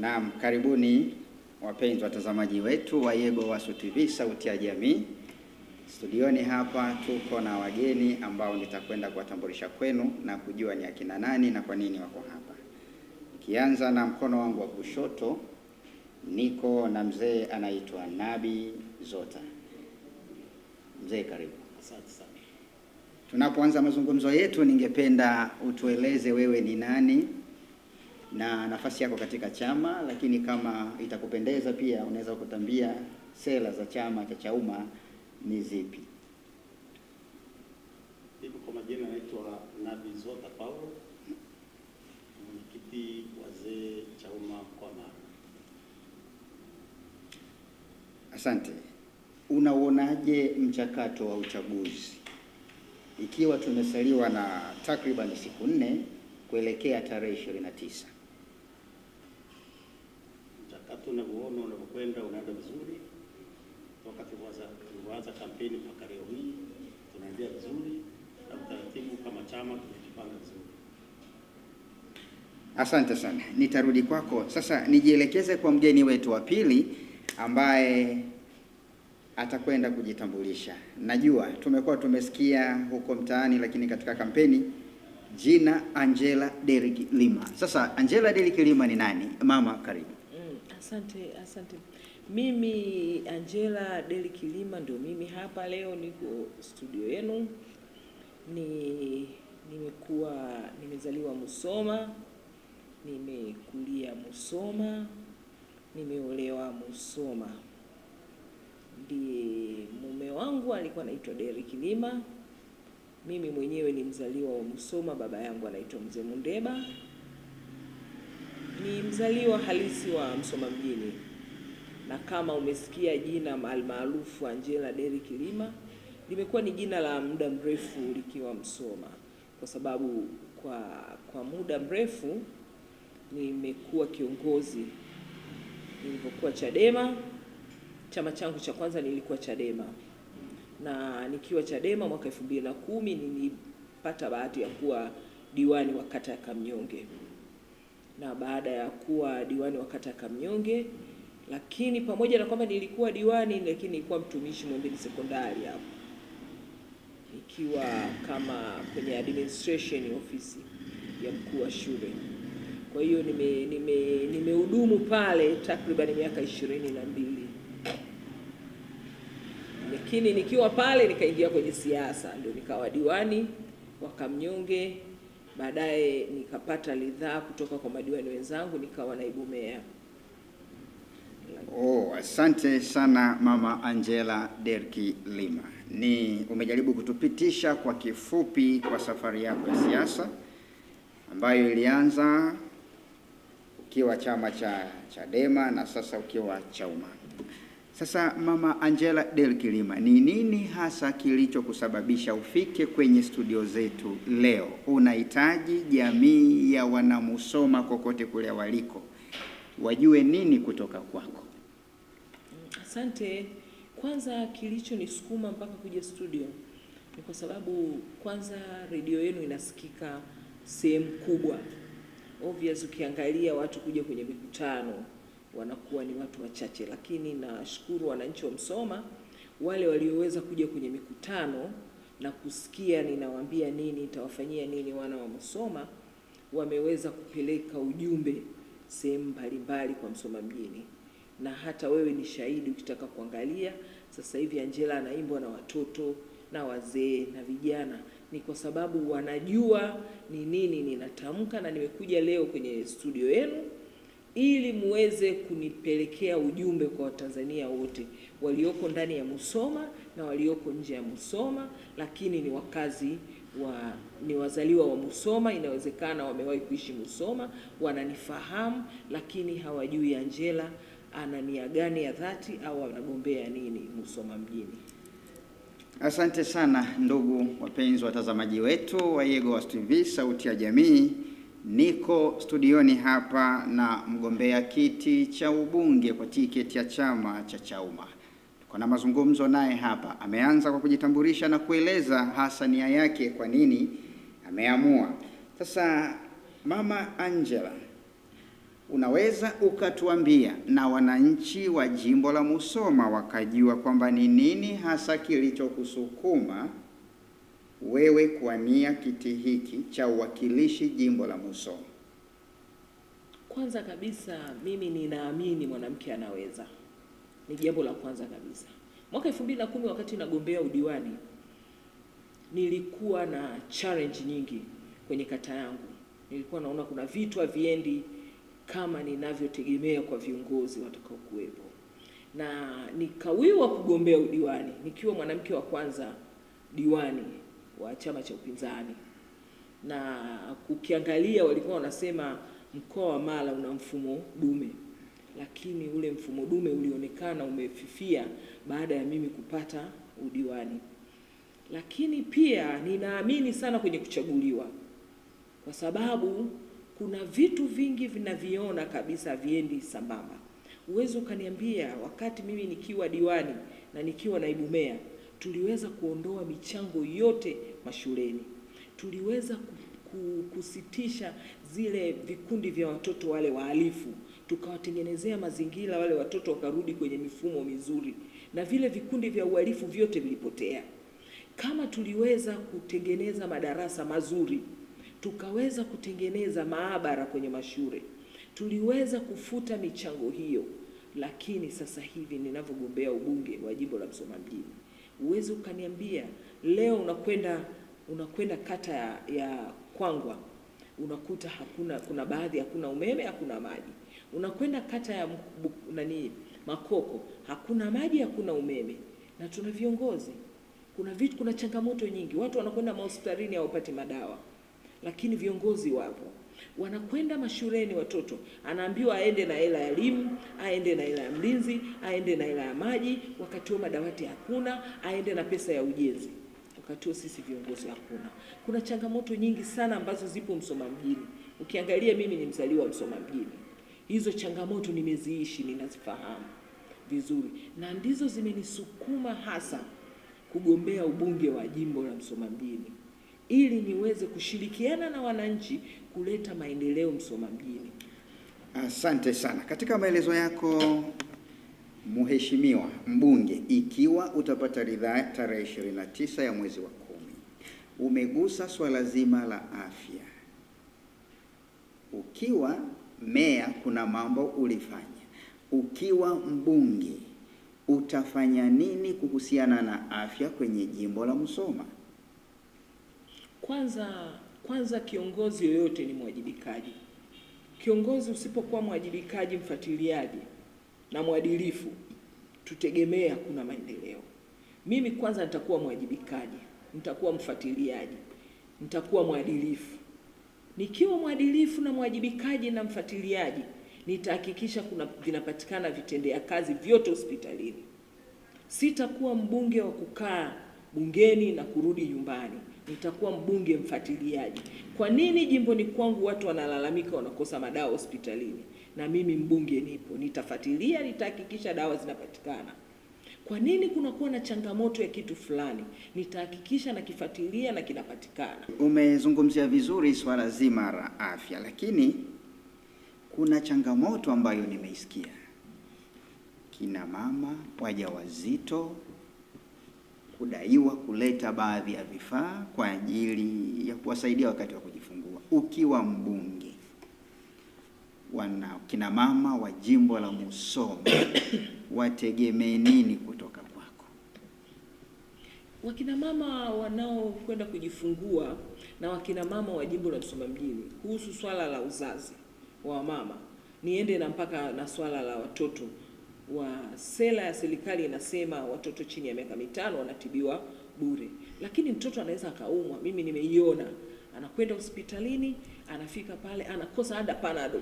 Naam, karibuni wapenzi watazamaji wetu wa Yego Wasu TV sauti ya jamii. Studioni hapa tuko na wageni ambao nitakwenda kuwatambulisha kwenu na kujua ni akina nani na kwa nini wako hapa. Nikianza na mkono wangu wa kushoto niko na mzee anaitwa Nabi Zota. Mzee karibu. Asante sana. Tunapoanza mazungumzo yetu, ningependa utueleze wewe ni nani na nafasi yako katika chama, lakini kama itakupendeza pia unaweza kutambia sera za chama cha Chauma ni zipi. Hivyo kwa majina naitwa Nabi Zota Paulo, mwenyekiti wazee Chauma kwa Mara. Asante. Unauonaje mchakato wa uchaguzi ikiwa tumesaliwa na takribani siku nne kuelekea tarehe ishirini na tisa? wakati unavyoona unavyokwenda unaenda vizuri, toka tulivyoanza kampeni mpaka leo hii tunaendelea vizuri na utaratibu kama chama tumejipanga vizuri. Asante sana, nitarudi kwako sasa. Nijielekeze kwa mgeni wetu wa pili ambaye atakwenda kujitambulisha. Najua tumekuwa tumesikia huko mtaani, lakini katika kampeni jina Angela Derrick Lima. Sasa Angela Derrick Lima ni nani? Mama, karibu. Asante, asante. Mimi Angela Deli Kilima ndio mimi hapa leo, niko studio yenu. Ni nimekuwa nimezaliwa Musoma, nimekulia Musoma, nimeolewa Musoma. Ndiye mume wangu alikuwa anaitwa Deli Kilima. Mimi mwenyewe ni mzaliwa wa Musoma, baba yangu anaitwa Mzee Mundeba ni mzaliwa halisi wa Msoma mjini, na kama umesikia jina almaarufu Angela Deri Kilima limekuwa ni jina la muda mrefu likiwa Msoma, kwa sababu kwa kwa muda mrefu nimekuwa kiongozi. Nilipokuwa Chadema, chama changu cha kwanza nilikuwa Chadema, na nikiwa Chadema mwaka elfu mbili na kumi nilipata bahati ya kuwa diwani wa kata ya Kamnyonge na baada ya kuwa diwani wa kata ya Kamnyonge, lakini pamoja na kwamba nilikuwa diwani, lakini nilikuwa mtumishi Muhimbili sekondari hapo nikiwa kama kwenye administration ofisi ya mkuu wa shule. Kwa hiyo nime nime nimehudumu pale takriban miaka ishirini na mbili, lakini nikiwa pale nikaingia kwenye siasa, ndio nikawa diwani wa Kamnyonge. Baadaye nikapata ridhaa kutoka kwa madiwani wenzangu nikawa naibu meya. Oh, asante sana Mama Angela Derki Lima. Ni umejaribu kutupitisha kwa kifupi kwa safari yako ya siasa ambayo ilianza ukiwa chama cha Chadema na sasa ukiwa Chauma. Sasa Mama Angela Del Kilima, ni nini hasa kilichokusababisha ufike kwenye studio zetu leo? Unahitaji jamii ya wanamusoma kokote kule waliko wajue nini kutoka kwako? Asante. Kwanza kilichonisukuma mpaka kuja studio ni kwa sababu kwanza redio yenu inasikika sehemu kubwa, obvious ukiangalia watu kuja kwenye mikutano wanakuwa ni watu wachache, lakini nashukuru wananchi wa Msoma wale walioweza kuja kwenye mikutano na kusikia ninawaambia nini, nitawafanyia nini wana wa Msoma, wameweza kupeleka ujumbe sehemu mbalimbali kwa Msoma mjini, na hata wewe ni shahidi. Ukitaka kuangalia sasa hivi Angela anaimbwa na watoto na wazee na vijana, ni kwa sababu wanajua ni nini ninatamka, na nimekuja leo kwenye studio yenu ili muweze kunipelekea ujumbe kwa Watanzania wote walioko ndani ya Musoma na walioko nje ya Musoma, lakini ni wakazi wa ni wazaliwa wa Musoma, inawezekana wamewahi kuishi Musoma, wananifahamu lakini hawajui Angela ana nia gani ya dhati au anagombea nini Musoma mjini. Asante sana ndugu wapenzi watazamaji wetu wa Yegowasu TV sauti ya jamii. Niko studioni hapa na mgombea kiti cha ubunge kwa tiketi ya chama cha Chauma. Tuko na mazungumzo naye hapa. Ameanza kwa kujitambulisha na kueleza hasa nia yake, kwa nini ameamua. Sasa Mama Angela, unaweza ukatuambia na wananchi wa jimbo la Musoma wakajua kwamba ni nini hasa kilichokusukuma wewe kuania kiti hiki cha uwakilishi jimbo la Musoma? Kwanza kabisa mimi ninaamini mwanamke anaweza, ni jambo la kwanza kabisa. Mwaka 2010 wakati nagombea udiwani nilikuwa na challenge nyingi kwenye kata yangu. Nilikuwa naona kuna vitu haviendi kama ninavyotegemea kwa viongozi watakao kuwepo, na nikawiwa kugombea udiwani nikiwa mwanamke wa kwanza diwani wa chama cha upinzani, na ukiangalia walikuwa wanasema mkoa wa Mara una mfumo dume, lakini ule mfumo dume ulionekana umefifia baada ya mimi kupata udiwani. Lakini pia ninaamini sana kwenye kuchaguliwa, kwa sababu kuna vitu vingi vinaviona kabisa viendi sambamba. Uwezo ukaniambia wakati mimi nikiwa diwani na nikiwa naibu meya tuliweza kuondoa michango yote mashuleni, tuliweza kusitisha zile vikundi vya watoto wale wahalifu, tukawatengenezea mazingira wale watoto wakarudi kwenye mifumo mizuri, na vile vikundi vya uhalifu vyote vilipotea. Kama tuliweza kutengeneza madarasa mazuri, tukaweza kutengeneza maabara kwenye mashule, tuliweza kufuta michango hiyo. Lakini sasa hivi ninavyogombea ubunge wa jimbo la Msoma mjini Uwezi ukaniambia leo unakwenda unakwenda kata ya, ya Kwangwa unakuta hakuna, kuna baadhi hakuna umeme, hakuna maji. Unakwenda kata ya nani Makoko hakuna maji, hakuna umeme, na tuna viongozi. Kuna vitu, kuna changamoto nyingi. Watu wanakwenda mahospitalini hawapati madawa, lakini viongozi wapo. Wanakwenda mashuleni watoto, anaambiwa aende na hela ya elimu, aende na hela ya mlinzi, aende na hela ya maji, wakati huo madawati hakuna, aende na pesa ya ujenzi, wakati huo sisi viongozi hakuna. Kuna changamoto nyingi sana ambazo zipo Msoma mjini. Ukiangalia, mimi ni mzaliwa wa Msoma mjini, hizo changamoto nimeziishi, ninazifahamu vizuri, na ndizo zimenisukuma hasa kugombea ubunge wa jimbo la Msoma mjini ili niweze kushirikiana na wananchi kuleta maendeleo Msoma mjini. Asante sana. Katika maelezo yako Mheshimiwa Mbunge, ikiwa utapata ridhaa tarehe 29 ya mwezi wa kumi, umegusa swala zima la afya. Ukiwa meya kuna mambo ulifanya, ukiwa mbunge utafanya nini kuhusiana na afya kwenye jimbo la Musoma? Kwanza kwanza, kiongozi yoyote ni mwajibikaji. Kiongozi usipokuwa mwajibikaji, mfuatiliaji na mwadilifu, tutegemea kuna maendeleo. Mimi kwanza nitakuwa mwajibikaji, nitakuwa mfuatiliaji, nitakuwa mwadilifu. Nikiwa mwadilifu na mwajibikaji na mfuatiliaji, nitahakikisha kuna vinapatikana vitendea kazi vyote hospitalini. Sitakuwa mbunge wa kukaa bungeni na kurudi nyumbani, nitakuwa mbunge mfuatiliaji. Kwa nini jimboni kwangu watu wanalalamika wanakosa madawa hospitalini? Na mimi mbunge nipo, nitafuatilia, nitahakikisha dawa zinapatikana. Kwa nini kunakuwa na changamoto ya kitu fulani? Nitahakikisha nakifuatilia na kinapatikana. Umezungumzia vizuri swala zima la afya, lakini kuna changamoto ambayo nimeisikia, kina mama wajawazito kudaiwa kuleta baadhi ya vifaa kwa ajili ya kuwasaidia wakati wa kujifungua. Ukiwa mbunge, wana kina mama wa jimbo la Musoma wategemee nini kutoka kwako? Wakina mama wanaokwenda kujifungua na wakina mama wa jimbo la Musoma mjini kuhusu swala la uzazi wa mama, niende na mpaka na swala la watoto wa sera ya serikali inasema watoto chini ya miaka mitano wanatibiwa bure, lakini mtoto anaweza akaumwa. Mimi nimeiona, anakwenda hospitalini, anafika pale anakosa hata panado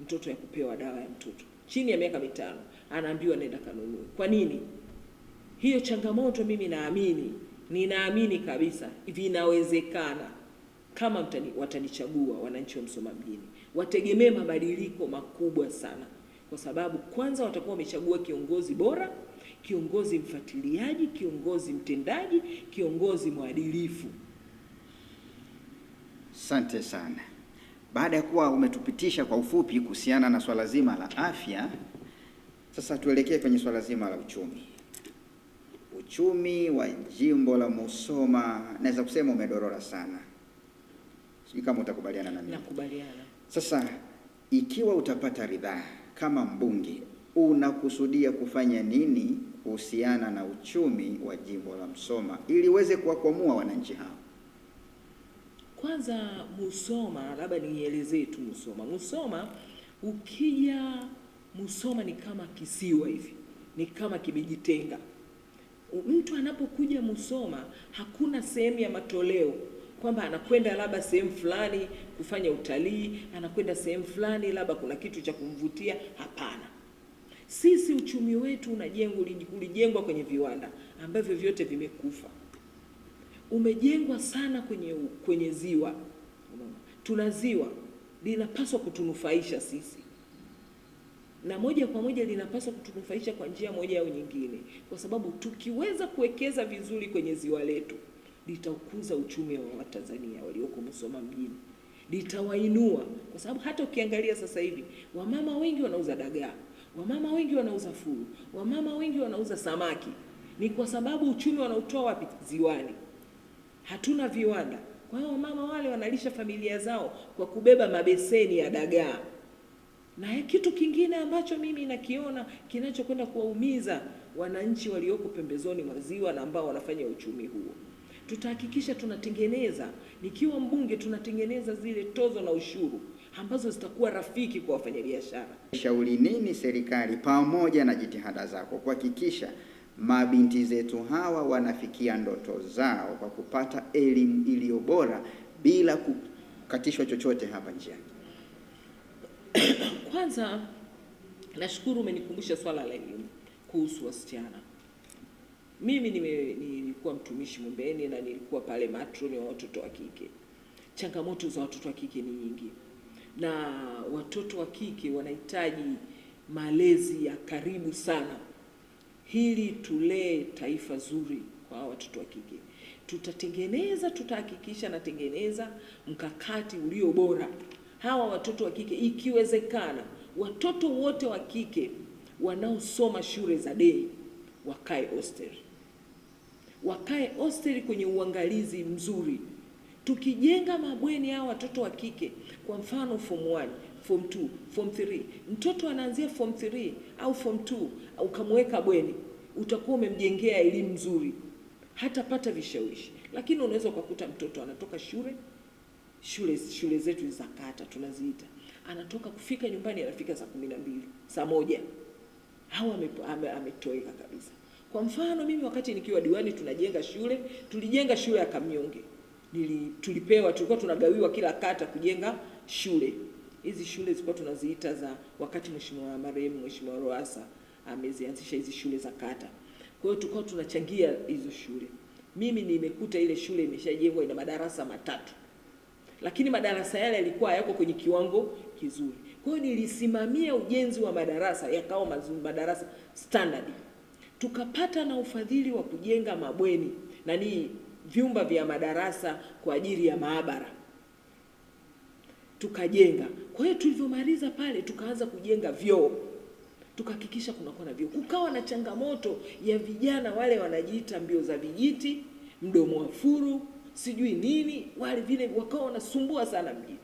mtoto ya kupewa dawa ya mtoto chini ya miaka mitano, anaambiwa nenda kanunue. Kwa nini hiyo changamoto? Mimi naamini, ninaamini kabisa vinawezekana kama watanichagua wananchi wa Msoma mjini, wategemee mabadiliko makubwa sana kwa sababu kwanza watakuwa wamechagua kiongozi bora, kiongozi mfuatiliaji, kiongozi mtendaji, kiongozi mwadilifu. Asante sana. Baada ya kuwa umetupitisha kwa ufupi kuhusiana na swala zima la afya, sasa tuelekee kwenye swala zima la uchumi. Uchumi wa jimbo la Musoma naweza kusema umedorora sana, sijui kama utakubaliana mimi. Nakubaliana. Sasa ikiwa utapata ridhaa kama mbunge unakusudia kufanya nini kuhusiana na uchumi wa jimbo la Msoma ili uweze kuwakwamua wananchi hao? Kwanza Musoma, labda nielezee tu Musoma. Musoma ukija Musoma ni kama kisiwa hivi, ni kama kimejitenga. Mtu anapokuja Musoma hakuna sehemu ya matoleo kwamba anakwenda labda sehemu fulani kufanya utalii, anakwenda sehemu fulani labda kuna kitu cha kumvutia. Hapana, sisi uchumi wetu unajengwa, ulijengwa kwenye viwanda ambavyo vyote vimekufa. Umejengwa sana kwenye kwenye ziwa. Tuna ziwa linapaswa kutunufaisha sisi na moja kwa moja linapaswa kutunufaisha kwa njia moja au nyingine, kwa sababu tukiweza kuwekeza vizuri kwenye ziwa letu litaukuza uchumi wa Watanzania walioko Musoma mjini, litawainua kwa sababu hata ukiangalia sasa hivi wamama wengi wanauza dagaa, wamama wengi wanauza furu, wamama wengi wanauza samaki. Ni kwa sababu uchumi wanautoa wapi? Ziwani. Hatuna viwanda. Kwa hiyo wamama wale wanalisha familia zao kwa kubeba mabeseni ya dagaa. Na kitu kingine ambacho mimi nakiona kinachokwenda kuwaumiza wananchi walioko pembezoni mwa ziwa na ambao wanafanya uchumi huo tutahakikisha tunatengeneza, nikiwa mbunge, tunatengeneza zile tozo na ushuru ambazo zitakuwa rafiki kwa wafanyabiashara. Shauri nini serikali, pamoja na jitihada zako, kuhakikisha mabinti zetu hawa wanafikia ndoto zao kwa kupata elimu iliyo bora bila kukatishwa chochote hapa njiani? Kwanza nashukuru umenikumbusha swala la elimu kuhusu wasichana. Mimi nilikuwa mtumishi Mumbeni na nilikuwa pale matroni wa watoto wa kike. Changamoto za watoto wa kike ni nyingi, na watoto wa kike wanahitaji malezi ya karibu sana, hili tulee taifa zuri kwa watoto wa kike. Tutatengeneza, tutahakikisha natengeneza mkakati ulio bora hawa watoto wa kike, ikiwezekana watoto wote wa kike wanaosoma shule za dei wakae hosteli wakae hosteli kwenye uangalizi mzuri. Tukijenga mabweni hao watoto wa kike, kwa mfano form 1, form 2, form 3, mtoto anaanzia form 3 au form 2, ukamweka bweni, utakuwa umemjengea elimu nzuri, hatapata vishawishi. Lakini unaweza ukakuta mtoto anatoka shule shule shule zetu za kata tunaziita, anatoka kufika nyumbani anafika saa kumi na mbili saa moja, au ametoweka kabisa. Kwa mfano mimi wakati nikiwa diwani tunajenga shule, tulijenga shule ya Kamyonge. Nili, tulipewa tulikuwa tunagawiwa kila kata kujenga shule. Hizi shule zilikuwa tunaziita za wakati mheshimiwa marehemu Mheshimiwa Roasa amezianzisha hizi shule za kata. Kwa hiyo tulikuwa tunachangia hizo shule. Mimi nimekuta ile shule imeshajengwa ina madarasa matatu. Lakini madarasa yale yalikuwa hayako kwenye kiwango kizuri. Kwa hiyo nilisimamia ujenzi wa madarasa yakawa madarasa standard tukapata na ufadhili wa kujenga mabweni na ni vyumba vya madarasa kwa ajili ya maabara tukajenga. Kwa hiyo tulivyomaliza pale, tukaanza kujenga vyoo, tukahakikisha kunakuwa na vyoo. Kukawa na changamoto ya vijana wale wanajiita mbio za vijiti, mdomo wa furu, sijui nini, wale vile wakawa wanasumbua sana mjini.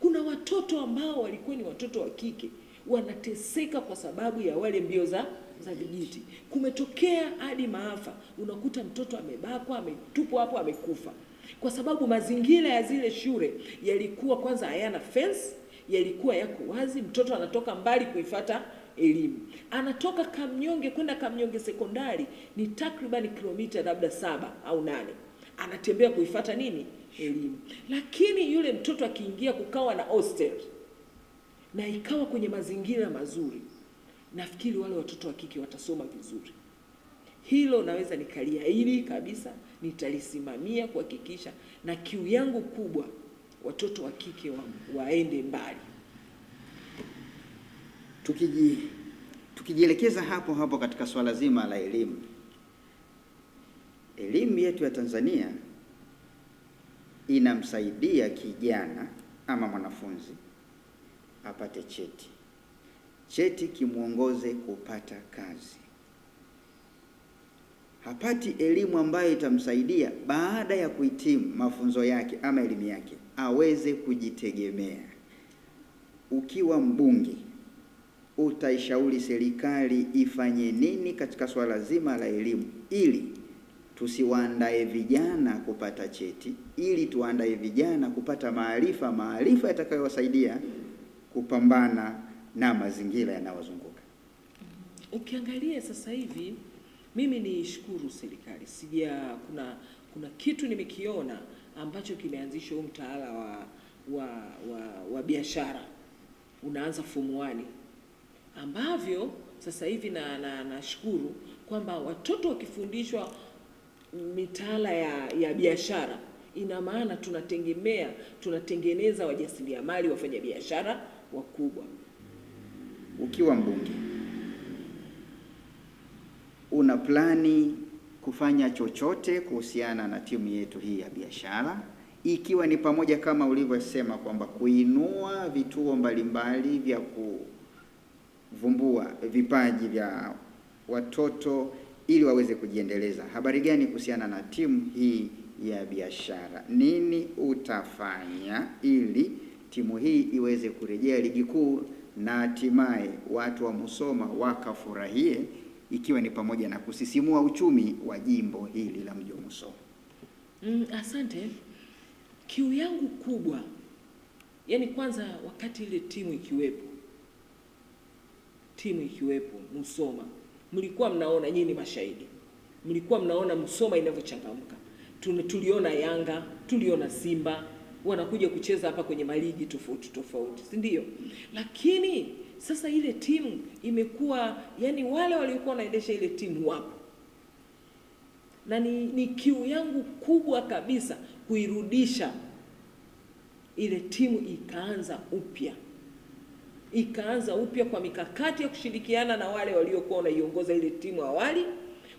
Kuna watoto ambao walikuwa ni watoto wa kike wanateseka kwa sababu ya wale mbio za za vijiti, kumetokea hadi maafa. Unakuta mtoto amebakwa, ametupwa hapo, amekufa, kwa sababu mazingira ya zile shule yalikuwa kwanza hayana fence, yalikuwa yako wazi. Mtoto anatoka mbali kuifata elimu, anatoka Kamnyonge kwenda Kamnyonge sekondari ni takribani kilomita labda saba au nane, anatembea kuifata nini elimu. Lakini yule mtoto akiingia kukawa na hostel na ikawa kwenye mazingira mazuri nafikiri wale watoto wa kike watasoma vizuri. Hilo naweza nikaliahidi kabisa, nitalisimamia kuhakikisha, na kiu yangu kubwa watoto wa kike wa, waende mbali. Tukiji tukijielekeza hapo hapo katika swala zima la elimu, elimu yetu ya Tanzania inamsaidia kijana ama mwanafunzi apate cheti cheti kimwongoze kupata kazi. Hapati elimu ambayo itamsaidia baada ya kuhitimu mafunzo yake ama elimu yake aweze kujitegemea. Ukiwa mbunge utaishauri serikali ifanye nini katika swala zima la elimu, ili tusiwaandae vijana kupata cheti, ili tuandae vijana kupata maarifa, maarifa yatakayowasaidia kupambana na mazingira yanayozunguka. Ukiangalia sasa hivi, mimi shukuru serikali, sija kuna kuna kitu nimekiona ambacho kimeanzisha huu mtaala wa wa, wa, wa biashara unaanza fomu wani ambavyo sasa hivi na nashukuru na kwamba watoto wakifundishwa mitaala ya, ya biashara ina maana tunategemea tunatengeneza wajasiriamali wafanya biashara wakubwa ukiwa mbunge una plani kufanya chochote kuhusiana na timu yetu hii ya biashara, ikiwa ni pamoja kama ulivyosema kwamba kuinua vituo mbalimbali vya kuvumbua vipaji vya watoto ili waweze kujiendeleza. Habari gani kuhusiana na timu hii ya biashara? Nini utafanya ili timu hii iweze kurejea ligi kuu na hatimaye watu wa Musoma wakafurahie, ikiwa ni pamoja na kusisimua uchumi wa jimbo hili la mji wa Musoma. Mm, asante. Kiu yangu kubwa, yani kwanza wakati ile timu ikiwepo timu ikiwepo Musoma, mlikuwa mnaona, nyinyi ni mashahidi, mlikuwa mnaona Musoma inavyochangamka. Tuliona Yanga, tuliona Simba wanakuja kucheza hapa kwenye maligi tofauti tofauti, si ndio? Lakini sasa ile timu imekuwa yani, wale waliokuwa wanaendesha ile timu wapo, na ni, ni kiu yangu kubwa kabisa kuirudisha ile timu ikaanza upya ikaanza upya kwa mikakati ya kushirikiana na wale waliokuwa wanaiongoza ile timu awali.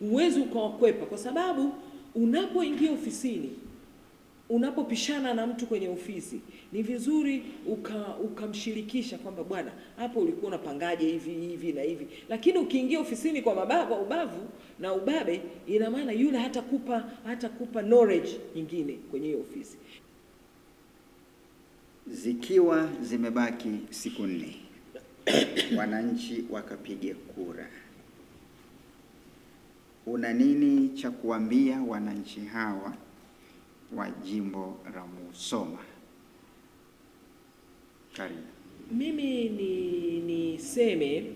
Huwezi ukawakwepa, kwa sababu unapoingia ofisini unapopishana na mtu kwenye ofisi ni vizuri ukamshirikisha uka kwamba bwana, hapo ulikuwa unapangaje hivi hivi na hivi. Lakini ukiingia ofisini kwa mababa, ubavu na ubabe, ina maana yule hatakupa hatakupa knowledge nyingine kwenye hiyo ofisi. Zikiwa zimebaki siku nne wananchi wakapiga kura, una nini cha kuambia wananchi hawa? wa jimbo la Musoma. Karibu. Mimi ni niseme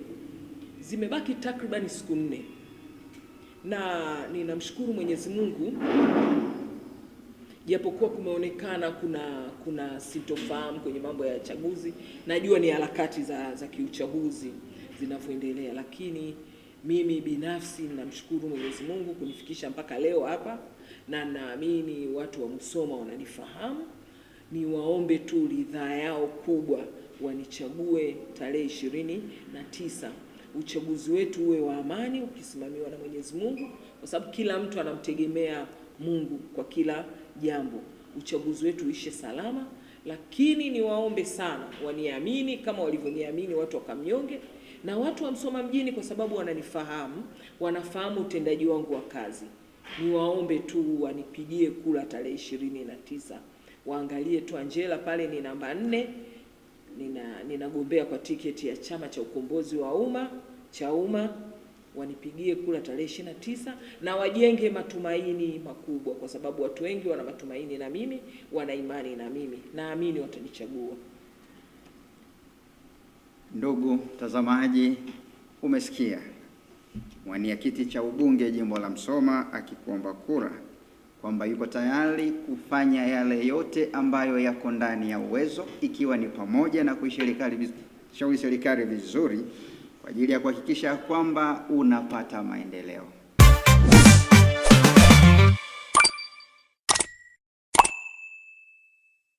zimebaki takriban siku nne, na ninamshukuru Mwenyezi Mungu, japokuwa kumeonekana kuna kuna sitofahamu kwenye mambo ya chaguzi. Najua ni harakati za, za kiuchaguzi zinavyoendelea, lakini mimi binafsi ninamshukuru Mwenyezi Mungu kunifikisha mpaka leo hapa na naamini watu wa Msoma wananifahamu. Niwaombe tu ridhaa yao kubwa wanichague tarehe ishirini na tisa. Uchaguzi wetu uwe wa amani, ukisimamiwa na Mwenyezi Mungu, kwa sababu kila mtu anamtegemea Mungu kwa kila jambo. Uchaguzi wetu uishe salama, lakini niwaombe sana waniamini kama walivyoniamini watu wa Kamnyonge na watu wa Msoma mjini, kwa sababu wananifahamu, wanafahamu utendaji wangu wa kazi niwaombe tu wanipigie kura tarehe ishirini na tisa waangalie tu Angela pale ni namba nne. Nina ninagombea kwa tiketi ya chama cha ukombozi wa umma umma wanipigie kura tarehe ishirini na tisa na wajenge matumaini makubwa, kwa sababu watu wengi wana matumaini na mimi, wana imani na mimi, naamini watanichagua. Ndugu mtazamaji, umesikia wania kiti cha ubunge jimbo la Msoma akikuomba kura kwamba yuko tayari kufanya yale yote ambayo yako ndani ya uwezo, ikiwa ni pamoja na kuishauri serikali vizuri kwa ajili ya kuhakikisha kwamba unapata maendeleo.